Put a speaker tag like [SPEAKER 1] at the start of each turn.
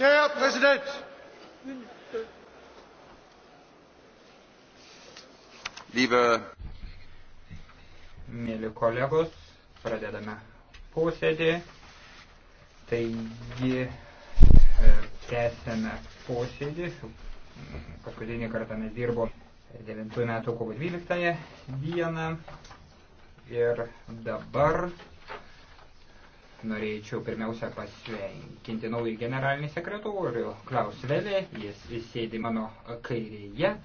[SPEAKER 1] Herr Präsident!
[SPEAKER 2] Liebe Mėly kolegos, pradedame posėdį. Taigi, e, tęsėme posėdį. Paskutinį kartą mes dirbo 9 metų kovo 12 dieną. Ir dabar norėčiau pirmiausia pasveikinti naują generalinį sekretorių Klaus Velė, jis sėdi mano kairėje.